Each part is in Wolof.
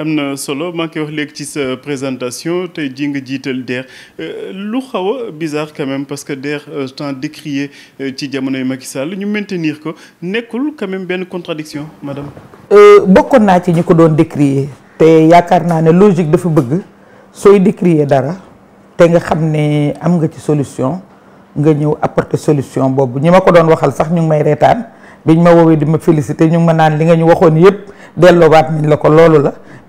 amna solo maa ngi wax lek ci sa présentation tay jing jital jiital DER euh, lu xawa bizarre quand même parce que DER euh, tant décrié euh, ci jamonoy Macky Sall ñu maintenir ko nekul quand même ben contradiction madame. bokkoon na ci ñu ko doon décrier te yaakaar naa ne logique dafa bëgg soy décrier dara te nga xamné am nga ci solution nga ñëw apporter solution bobu ñima ko doon waxal sax ñu ngi may rétane biñ ma wowe di ma féliciter ñu ngi ma naan li nga ñu waxone yépp delloowaat nañ la ko la.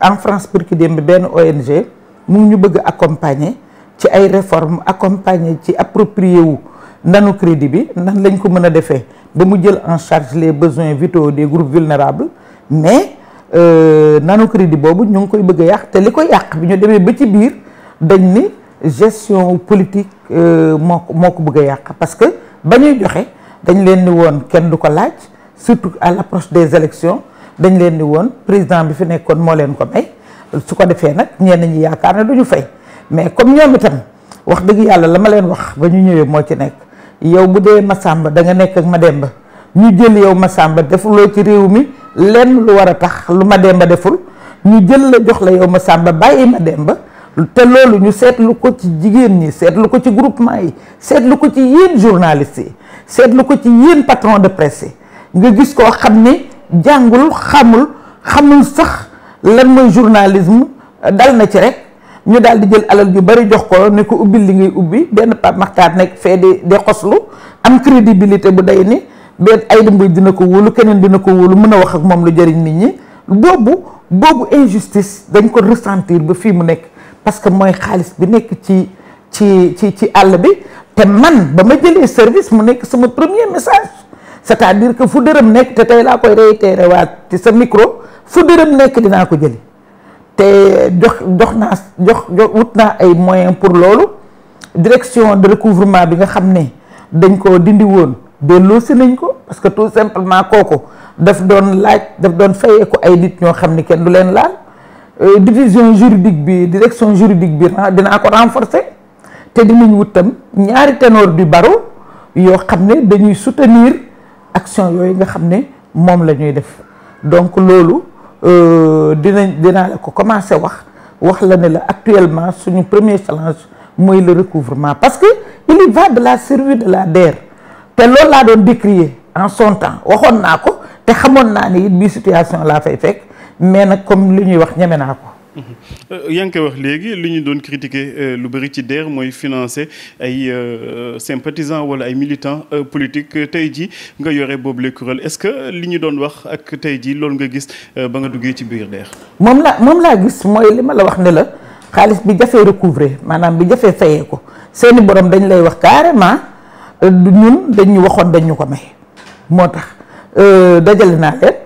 en France pour qu'il y ONG une ONG ñu bëgg accompagner ci ay réformes accompagner ci approprié wu nanu crédit bi nan lañ ko mëna a ba mu jël en charge les besoins vitaux des groupes vulnérables mais euh, nanu crédit nous ñu ngi koy bëgg a té te li bi ñu demee ba ci biir dañ ni gestion politique euh, moo bëgg yaq parce que ba ñuy joxe dañ leen ni won kenn duko laaj surtout à l'approche des élections dañ leen di woon président bi fi nekkoon moo leen ko may su ko defee nag ñenn ñi yaakaar ne du ñu fay mais comme ñoom itam wax dëgg yàlla la ma leen wax ba ñu ñëwee moo ci nekk yow bu dee Masamba da nga nekk ak Mademba ñu jël yow Masamba defuloo ci réew mi lenn lu war a tax lu ma Mademba deful ñu jël la jox la yow Masamba bàyyi demba te loolu ñu seetlu ko ci jigéen ñi seetlu ko ci groupement yi seetlu ko ci yéen journalistes yi seetlu ko ci yéen patron de presse yi nga gis koo jàngul xamul xamul sax lan mooy journalisme dal na ci rek ñu daal di jël alal yu bari jox ko ne ko ubbil li ngay ubbi benn Pape Makhtar nekk fee di di xoslu am crédibilité bu day ni benn ay dëmb dina ko wóolu keneen dina ko wóolu mën a wax ak moom lu jariñ nit ñi boobu boobu injustice dañ ko ressentir ba fii mu nekk parce que mooy xaalis bi nekk ci ci ci ci àll bi te man ba ma jëlee service mu nekk sama premier message c'est-à-dire que fu dërëm nekk te tey laa koy réitéré waat ci sa micro fu dërëm nekk dinaa ko jëli te jox jox naa jox wut naa ay moyen pour loolu direction de recouvrement bi nga xam ne dañ koo dindi woon delloosi nañ ko parce que tout simplement kooku daf doon laaj daf doon fayee ko ay nit ñoo xam ni kenn du leen laal euh, division juridique bi direction juridique bi dinaa ko renforcer te dinañ wut tam ñaari ténor du barreau yoo xam ne dañuy soutenir action yoy nga xamné mom moom la ñuy def donc euh dinañ dina la ko commencer wax wax la né la actuellement suñu premier challenge moy le recouvrement parce que il y va de la survie de la terre. té lolu la doon décrier en son temps waxon nako té te na naa bi situation la fay fek mais nak comme li ñuy wax ñeme nako euh, yaa ngi wax légui li ñu doon critiquer euh, lu bari ci DER moy financer ay euh, sympathisants wala ay militants politiques tey jii nga yore boobule kuréel est-ce que li ñu doon wax ak tey jii loolu nga gis ba nga duggé ci biir DER. mom la mom la gis moy lima la wax ne la xaalis bi jafé recouvrer manam bi jafé fayé ko seeni borom dañ lay wax carrément ñun dañ ñu waxon dañ ñu ko may motax euh dajal na leen.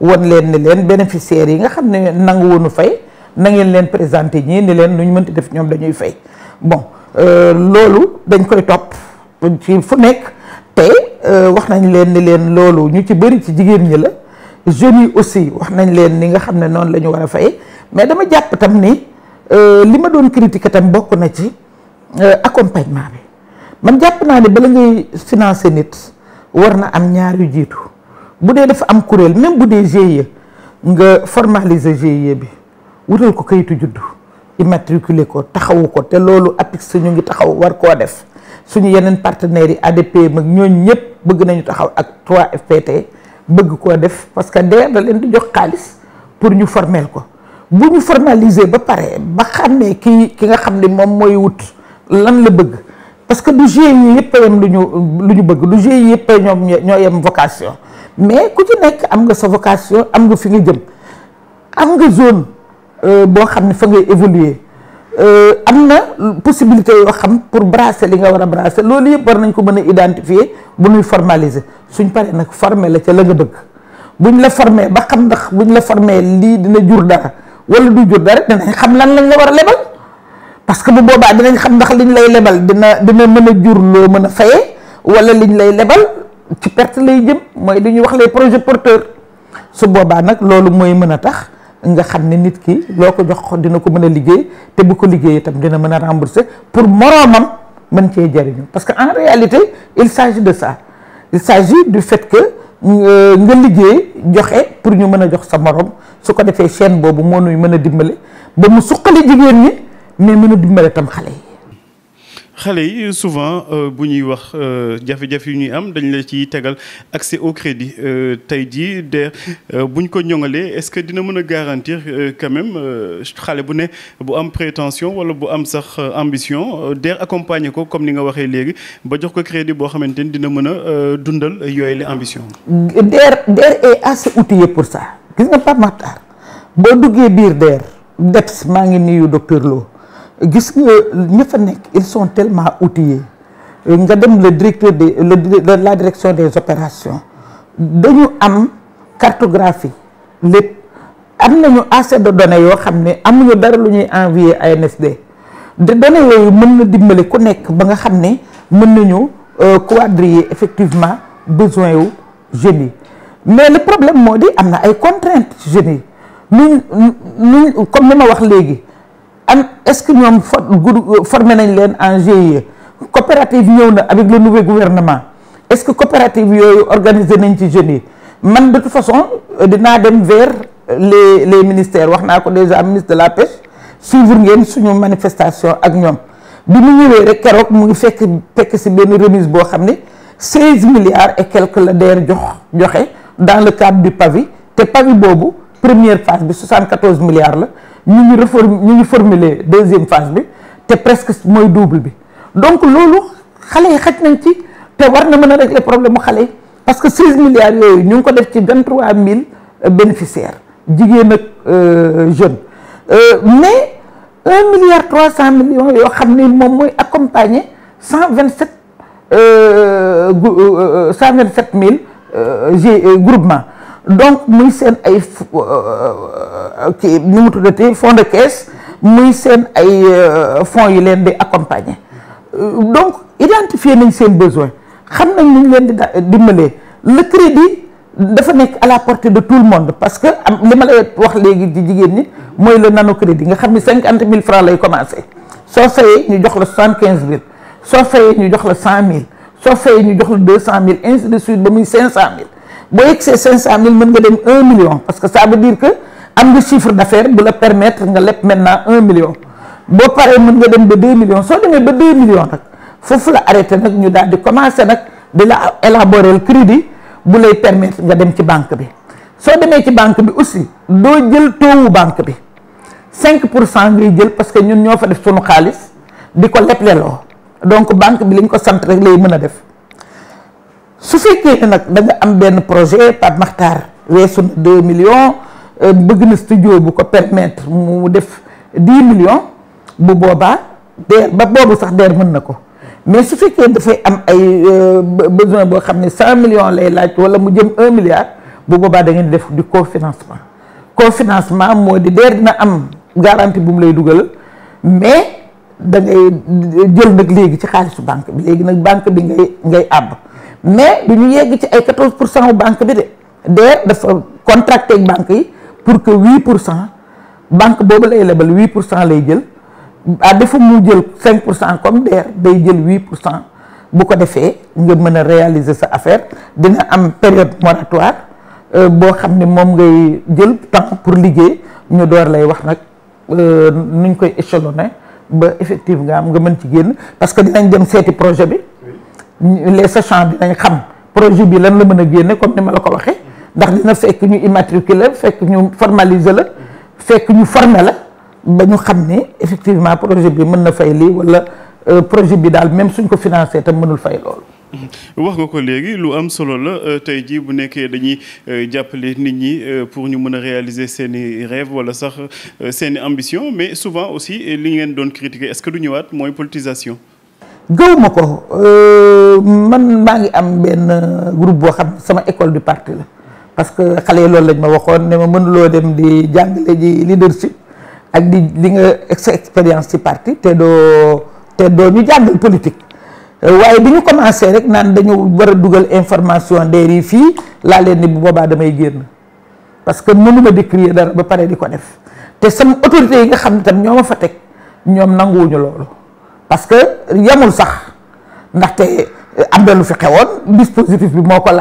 wan leen ni leen bénéficiaires yi nga xam ne nangu woonu fay na leen présenté ñii ni leen lu ñu mënti def ñoom dañuy fay bon euh, loolu dañ koy topp ci fu nekk te euh, wax nañ leen ni leen loolu ñu ci bëri ci jigéen ñi la jeunes yi aussi wax nañ leen ni nga xam ne noonu la ñu war a fay mais dama jàpp tam ni euh, li ma doon critiquer tam bokk na ci accompagnement bi man jàpp naa ne bala ngay financer nit war na am ñaar yu jiitu budé dafa am courriel même budé GIE nga formaliser GIE bi wutal ko kayitu judd immatriculer ko taxaw ko té lolu APIX ñu ngi taxaw war ko def suñu yenen partenaire yi ADP mak ñoo ñepp bëgg nañu taxaw ak 3FPT bëgg ko def parce que dé da leen di jox xaliss pour ñu formel ko bu ñu formaliser ba paré ba xamé ki ki nga xamné mom moy wut lan la bëgg parce que du GIE yépp a yem lu ñu lu ñu bëgg du GIE yépp ñom ñoy am vocation. mais ku ci nekk am nga sa vocation am nga fi nga jëm am nga zone euh, boo xam ne fa ngay évoluer euh, am na possibilité yoo xam pour brasser li nga war a brasser loolu yëpp war nañ ko mën a identifier bu ñuy formaliser suñ paree nag former la ca la nga bëgg buñ la former ba xam ndax buñ la former lii dina jur dara wala du jur dara dinañ xam lan lañ la war a lebal parce que bu boobaa dinañ xam ndax liñ lay lebal dina dina mën a jur loo mën a fayee wala liñ lay lebal. ci perte lay jëm mooy li ñuy wax les projets porteurs su boobaa nag loolu mooy mën a tax nga xam ne nit ki loo ko jox dina ko mën a liggéey te bu ko liggéey itam dina mën a rembourser pour moroomam mën cee jariñu parce que en réalité il s'agit de ça il s'agit du fait que euh, nga liggéey joxe pour ñu mën a jox sa morom su ko defee chaîne boobu moo nuy mën a dimbale ba mu suqali jigéen ñi mais mën a dimbale tam xale yi xalé yi souvent euh, buñuy wax jafé euh, jafé ñuy am dañ la ci tégal accès au crédit euh, tay di de bu ko ñongalé est-ce que dina mëna garantir quand même xalé bu né bu am prétention wala bu am sax ambition DER accompagner ko comme ni nga waxé légui ba jox ko crédit bo xamante dina mëna dundal yoyé la ambition. DER DER est assez outillé pour ça gis nga pas Makhtar bo duggé biir DER. dex ma ngi nuyu docteur Lo gis nga ña fa nekk ils sont tellement outillés nga dem le directeur de le la direction des opérations dañu am cartographie lépp am nañu assez de données yo xamné amuñu dara lu ñuy à NSD de données yooyu mën na dimbali ku nek ba nga xamné mën nañu euh, quadriller effectivement besoin wu génie, mais le problème moo di am na ay contraintes génie yi comme ni ma wax léegi est-ce que nous avons formé un leen en GIE coopérative avec le nouveau gouvernement est-ce que coopérative est organisée nañ ci jeunes de toute façon euh, nous dem vers euh, les les ministères wax ko déjà ministre de la pêche suivre ngeen suñu manifestation ak manifestation bi nous. Nous rek mu remise boo 16 milliards et quelques la dans le cadre du PAVI Le PAVI la première phase de 74 milliards nous avons reform deuxième phase c'est presque le double donc nous xale yi nañ ci war na parce que 16 milliards nous avons 23 ko def euh, bénéficiaires euh, jeunes Euh, mais 1 milliard 300 millions yoo 127 000 groupements. groupement donc nous avons qui euh, nous de le fonds de caisse, nous avons euh, fonds qui les accompagnent. Euh, donc, identifier les besoins. Nous avons le crédit devenait à la portée de tout le monde parce que les malades qui ont été le nano crédit. Nous avons 50 000 francs à commencer. Sauf que nous avons 115 000. Sauf que nous avons 100 000. Sauf que nous avons 200 000. Ainsi de suite, nous avons 500 000. Vous voyez que ces 500 000, nous avons 1 million. Parce que ça veut dire que am le chiffre d'affaires pour le permettre de maintenant 1 million. Si vous avez 2 millions, si vous avez 2 millions, il faut arrêter de commencer à élaborer le crédit pour permettre de aller à la banque. Si vous avez la banque aussi, vous avez le taux de la banque. 5% parce que nous avons fait son calice, de quoi Donc, la banque est concentrée sur les mêmes. Si vous avez un projet, par Maktar, vous avez 2 millions. Euh, bëgg studio bu ko permettre mu def 10 millions bu boba DER ba bobu sax DER mën nako mais su da fay am ay euh, besoin bo xamné 100 millions lay laaj wala mu jëm 1 milliard bu boobaa da ngeen def du cofinancement cofinancement modi DER dina am garantie bu mu lay duggal mais da ngay jël nak légui ci xaalisu banque bi légui nak banque bi ngay ngay àbb mais du ñu yegg ci ay 14% pour banque bi de DER dafa contracter ak banque yi pour que 8 pour banque bobu lay label 8 pour lay jël ah, a defu mu jël 5 pour comme DER day jël 8 pour bu ko defee nga mëna réaliser sa affaire dina am période moratoire euh bo xamné mom ngay jël temps pour liggéey ñu door lay wax euh nuñ koy échelonné ba effectif nga am nga mën ci génn parce que dinañ dem séti projet bi les sachants dinañ xam projet bi lan la mëna génné comme ni ma la ko waxee ndax dina fekk ñu immatriculer fekk ñu formaliser la fekk ñu former la ba ñu effectivement projet bi mën na fay li wala euh, projet bi dal même suñ ko financer tam mënul fay lool mm-hmm. wax nga ko légui lu am solo la euh, tay ji bu nekké dañuy euh, jappalé nit ñi pour ñu mëna réaliser seen i rêve wala sax seen i ambition mais souvent aussi li ngeen doon critiquer est-ce que du ñëwaat moy politisation gëw ma ko man ma ngi am ben groupe boo xam sama école du parti la parce que xalé lool lañ ma waxoon ne ma mënuloo dem di jàngale ji leadership ak di li nga expérience ci parti té do té do ñu jàngal politique waye biñu commencé rek nan dañu wara duggal information des ri fi la leen ni bu boobaa damay génn parce que mënuma décrire dara ba paré diko def té sama autorité yi nga xam tam ñoma ma fa teg ñoom nanguwuñu loolu parce que yamul sax té am na lu fi xewon dispositif bi moko ko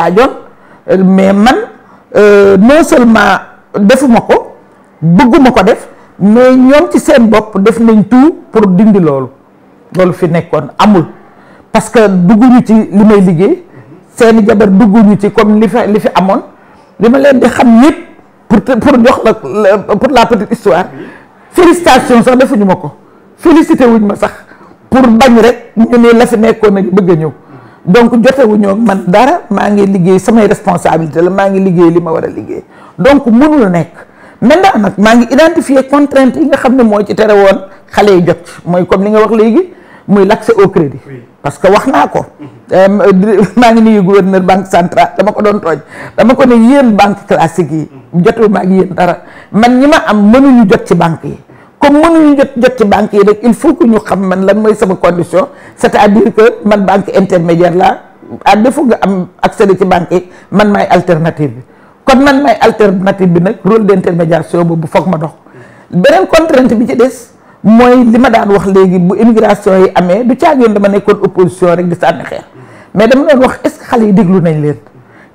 mais man Euh, non seulement defuma ko bëgguma ko def mais ñom ci seen bop def nañ tout pour dindi lool lool fi nekkoon amul parce que dugguñu ci limay liggé un jabar dugguñu ci comme li fa li fi amone les malades di xam yëpp pour pour jox la pour la petite histoire félicitations sax defuñu félicité wuñ ma sax pour bañ rek ñu ne la fi nekkoon nag bëgg donc jotewuñoo man dara maa ngi liggéey samay responsabilité la maa ngi liggéey li ma war a liggéey donc mënul nekk maintenant nag maa ngi identifier contrainte yi nga xam ne mooy ci tere woon xale yi jot mooy comme li nga wax léegi muy l'accès au crédit parce que wax naa ko euh, maa ngi nuyu gouverneur banque centrale dama ko doon tooñ dama ko ne yéen banque classique yi jotewu maa ngi yéen dara man ñi ma am mënuñu jot ci banque yi comme mënuñu jot jot ci rek il faut que ñu xam man lan mooy sama condition c'est-à-dire que man banque intermédiaire la à défaut nga am accéder ci banque man maay alternative bi kon man maay alternative bi nag rôle d'intermédiation boobu foog ma dox beneen contrainte bi ci des mooy li ma daan wax léegi bu immigration yi amee du caagoon dama nekkoon opposition rek di sànni mais dama doon wax est-ce que xale yi déglu nañ leen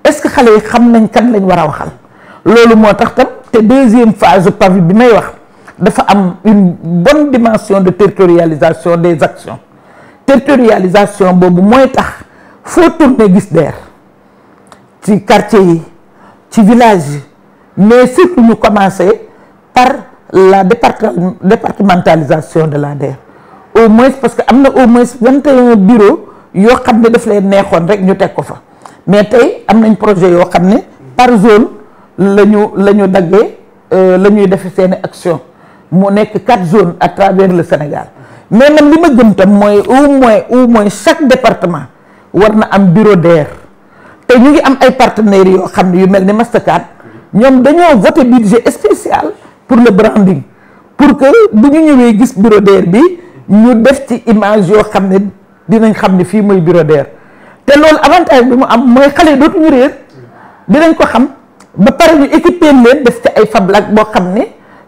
est-ce que xale yi xam nañ kan lañ war a waxal loolu moo tam te deuxième phase pavi bi may wax am une bonne dimension de territorialisation des actions territorialisation bon, moins tax faut tourner gis DER quartier tu village mais surtout nous commencer par la départementalisation de la DER au moins parce que am au moins vingt bureaux yoo xam ne daf choses qui rek ñu teg ko fa mais tey am un projet qui par zone la ñu la euh, des actions moo nekk quatre zones à travers le Sénégal mais même li ma gëm tam au moins au moins chaque département war na am bureau d'air te ñu ngi am ay partenaires yoo xam ne yu mel ni Mastercard ñoom dañoo voté budget spécial pour le branding pour que bu ñu ñëwee gis bureau d'air bi ñu def ci image yoo xam ne dinañ xam bureau d'air te loolu avantage bi mu am mooy xale dootuñu réer dinañ ko xam ba pare ñu équiper leen def ci ay fablak boo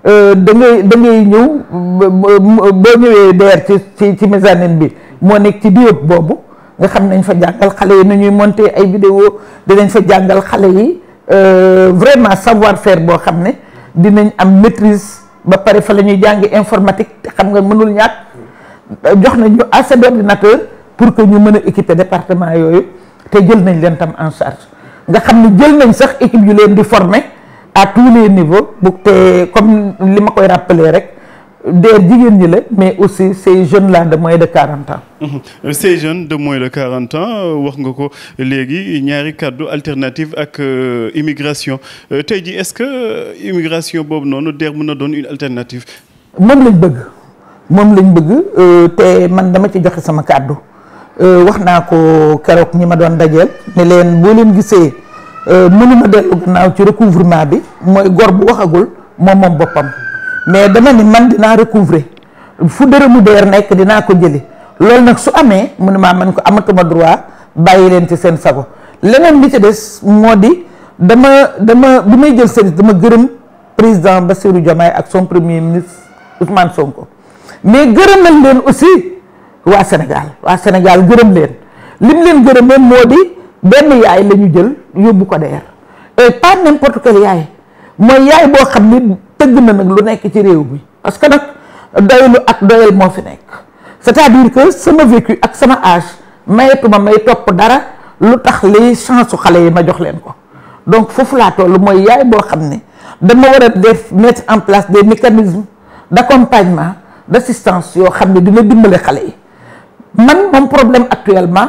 Eh, da ngay da ngay ñëw boo ñëwee deer ci ci ci mezzanine bi moo nekk ci biir boobu nga xam nañ fa jàngal xale yi nañuy monter ay vidéo dinañ fa jàngal xale yi euh, vraiment savoir faire boo xam ne dinañ am maîtrise ba pare fa la ñuy jàngi informatique xam nga mënul ñàkk jox nañ ñu assez d'ordinateur pour que ñu mën équiper département yooyu te jël nañ leen tam en charge nga xam jël nañ sax équipe yu leen di former à tous les niveaux donc comme li ma koy rappeler rek der jigen ñi mais aussi ces jeunes là de moins de quarante ans. Euh, ces jeunes de moins de quarante ans euh, wax nga ko légui ñaari kàddu alternative ak euh, immigration tay di est-ce que immigration bob nonu der mën donne une alternative. mom lañ bëgg mom lañ bëgg té man dama ci joxe sama kàddu wax naa ko kérok ñima don dajel dajeel len bo len leen Euh, mënuma dellu gannaaw ci recouvrement bi mooy gor bu waxagul moom moom boppam mais dama ni man dinaa recouvrer fu dërëmu deer nekk dinaa ko jëli loolu nag su amee mënuma man ko amatuma droit bàyyi leen ci seen sago leneen bi ci des moo di dama dama bi may jël service dama gërëm président ba Bassirou Diomaye ak son premier ministre Ousmane ko mais gërëmal leen aussi waa Sénégal waa Sénégal gërëm leen lim leen gërëmee moo di benn yaay lañu jël yobbu ko deer et pas n'importe quel yaay moy yaay bo xam ni na nak lu nekk ci rew bi parce que nak doylu ak doyel mo fi nekk c'est-à-dire que sama vécu ak sama âge mayetuma may top dara lutax tax li chance su yi ma jox leen ko donc fofu la toll moy yaay bo xam dama wara def mettre en place des mécanismes d'accompagnement d'assistance yo xam dina dimbalé xalé yi man moom problème actuellement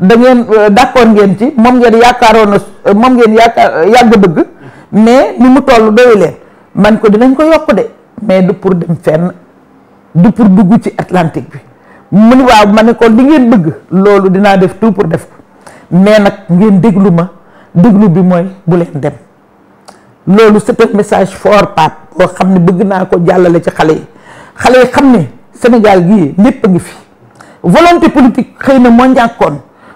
da ngeen euh, d'accord ngeen ci moom ngeen yaakaaroon na euh, moom ngeen yaakaar euh, yàgg bëgg mais ni mu toll doyu leen man ko dinañ ko yokk de mais du pour dem fenn du pour dugg ci Atlantique bi mu ni waaw ma ne ko li ngeen bëgg loolu dinaa def tout pour def ko mais nag ngeen déglu ma déglu bi mooy bu leen dem loolu c'est message fort Pape boo xam ne bëgg naa ko jàllale ci xale yi xale yi xam ne Sénégal gi lépp a ngi fi volonté politique xëy na moo njàkkoon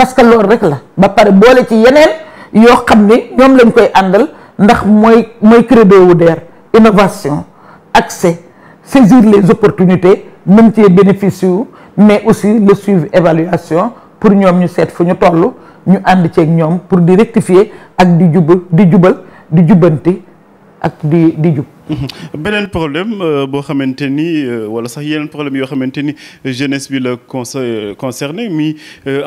parce que loolu rek la ba paré bolé ci yenen yo xamné ñom lañ koy andal ndax moy moy credo wu DER innovation accès saisir les opportunités même ci bénéfice mais aussi le suivi évaluation pour ñom ñu sét fu ñu tollu ñu ci ak ñom pour di rectifier ak di jubal di jubal di jubbanti ak di di juk mhm. benen problème euh, bo xamanteni euh, wala sax yenen problème yo xamanteni jeunesse bi le euh, concerné mi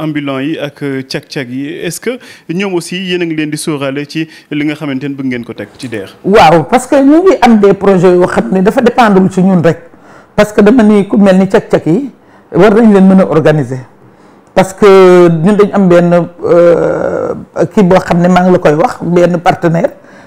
ambulant yi ak tiak tiak yi est-ce que ñom aussi yéen ngi leen di sóoraale ci li nga xamanteni ni bëgg ngeen ko tek ci DER waaw parce que ñu ngi am des projets yo xamné ne dafa dépendul ci ñun rek parce que dama ni ku melni tiak tiak yi war nañ leen mëna organiser parce que ñun dañ am ben euh ki bo xamné ma ngi la koy wax ben partenaire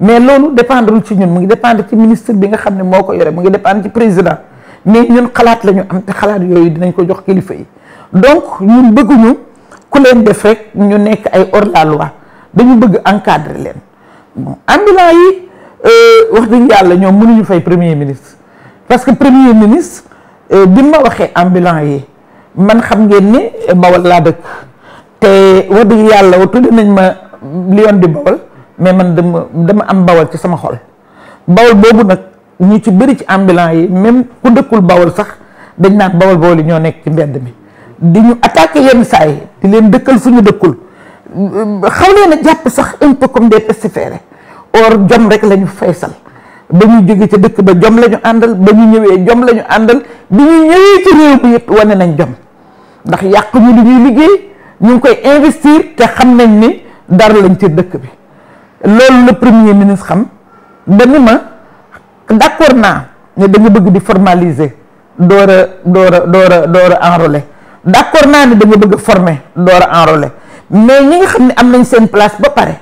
mais lolu dépendrul ci ñun mu ngi dépendre ci ministre bi nga xam moko yoré mu ngi dépendre ci président mais ñun xalaat lañu am té xalaat yoyu dinañ ko jox kilifa yi donc ñun bëgguñu ku leen def rek ñu nekk ay hors la loi dañu bëgg encadrer leen bon ambulant yi euh, wax dëgg yalla ñom mënuñu fay premier ministre parce que premier ministre euh, bi ma waxé ambulant yi man xam ngeen ni Bawol la dëkk té wax dëgg yàlla tudd nañ ma Lion di Bawol mais man dama dama am bawal ci sama xol bawal boobu nag ñu ci bëri ci ambulant yi même ku dëkkul bawal sax dañ naan bawal bawal yi ñoo nekk ci mbedd mi di ñu attaqué yenn saa yi di leen dëkkal fu ñu dëkkul xaw leen a jàpp sax un peu comme des pestiférés or jom rek lañu ñu faysal ba ñu jóge ca dëkk ba jom la ñu àndal ba ñu ñëwee jom lañu ñu àndal bi ñu ñëwee ci réew mi wane nañ jom ndax yàq ñu li ñuy liggéey ñu ngi koy investir te xam nañ ni dara lañ ci dëkk bi loolu le premier ministre xam ba ni ma d'accord naa ne dañu bëgg di formaliser door a door a door a door a enrôler d'accord naa ne dañu bëgg a former door a enrôler mais ñi nga xam ne am nañ seen place ba pare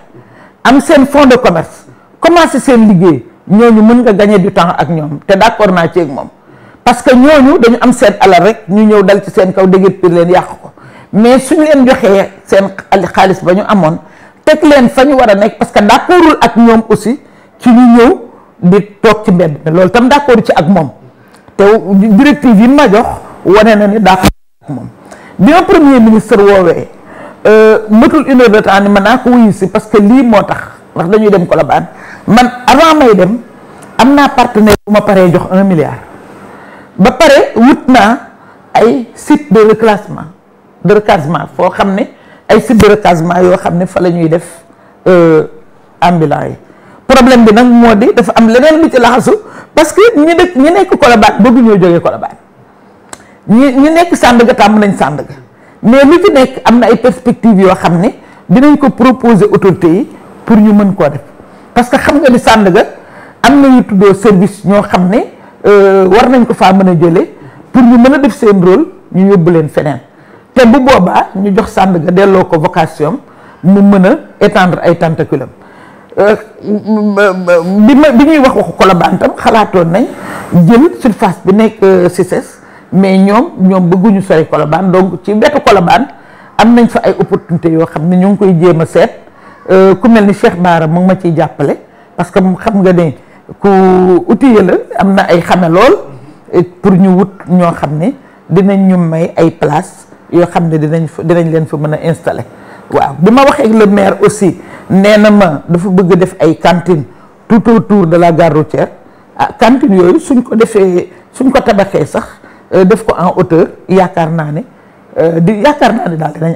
am seen fonds de commerce commencé seen liggéey ñooñu mën nga gagner du temps ak ñoom te d'accord naa ci ak moom parce que ñooñu dañu am seen alal rek ñu ñëw dal ci seen kaw dégg pir leen yàq ko mais suñu leen joxee seen xaalis ba ñu amoon tek len fañu wara nek parce que d'accordul ak ñom aussi ci ñu ñew di tok ci mbedd mais loolu tam d'accord ci ak mom té directive yi ma jox wane na ni d'accord ak mom bi ma premier ministre euh matul une heure de temps ni ma naa parce que li motax wax dañuy dem Colobane man avant may dem amna partenaire bu ma paree jox 1 milliard ba paré wutna ay site de reclassement de reclassement fo xamné ay site de recasement yoo xam fa lañuy def euh ambulance problème bi nak moo dafa am leneen lu ci laxasu parce que ñi nek ñi nek nekk Colobane bëgguñoo jógee Colobane ñi ñi nek Sandaga tam nañ Sandaga mais lu ci nek amna ay perspectives yo xamné dinañ ko proposer autorités yi pour ñu mën ko def parce que xam nga ni Sandaga amna ñu tuddo service ño xamné euh war nañ ko fa mëna jëlé pour ñu mëna def seen rôle ñu yóbbu leen te bu boobaa ñu jox Sandaga delloo ko vocation mu mën a étendre ay tentacule am euh, bi ma bi ñuy wax waxu Colobane tam xalaatoon nañ jël surface bi nekk euh, CICES mais ñoom ñoom bëgguñu sori Colobane donc ci wetu Colobane am nañ fa ay opportunité yoo xam ne ñu ngi koy jéem a seet euh, ku mel ni Cheikh Baara mu ngi ma ciy jàppale parce que xam nga ne ku outillé la am na ay xame lool pour ñu wut ñoo xam ne dinañ ñu may ay place yoo xam ne dinañ fa dinañ leen fa mën a installer waaw bi ma waxee le maire aussi nee na ma dafa bëgg a def ay cantines tout autour de la gare routière ah cantines yooyu suñ ko defee suñ ko tabaxee sax euh, def ko en hauteur yaakaar naa ne euh, di yaakaar naa ne daal dinañ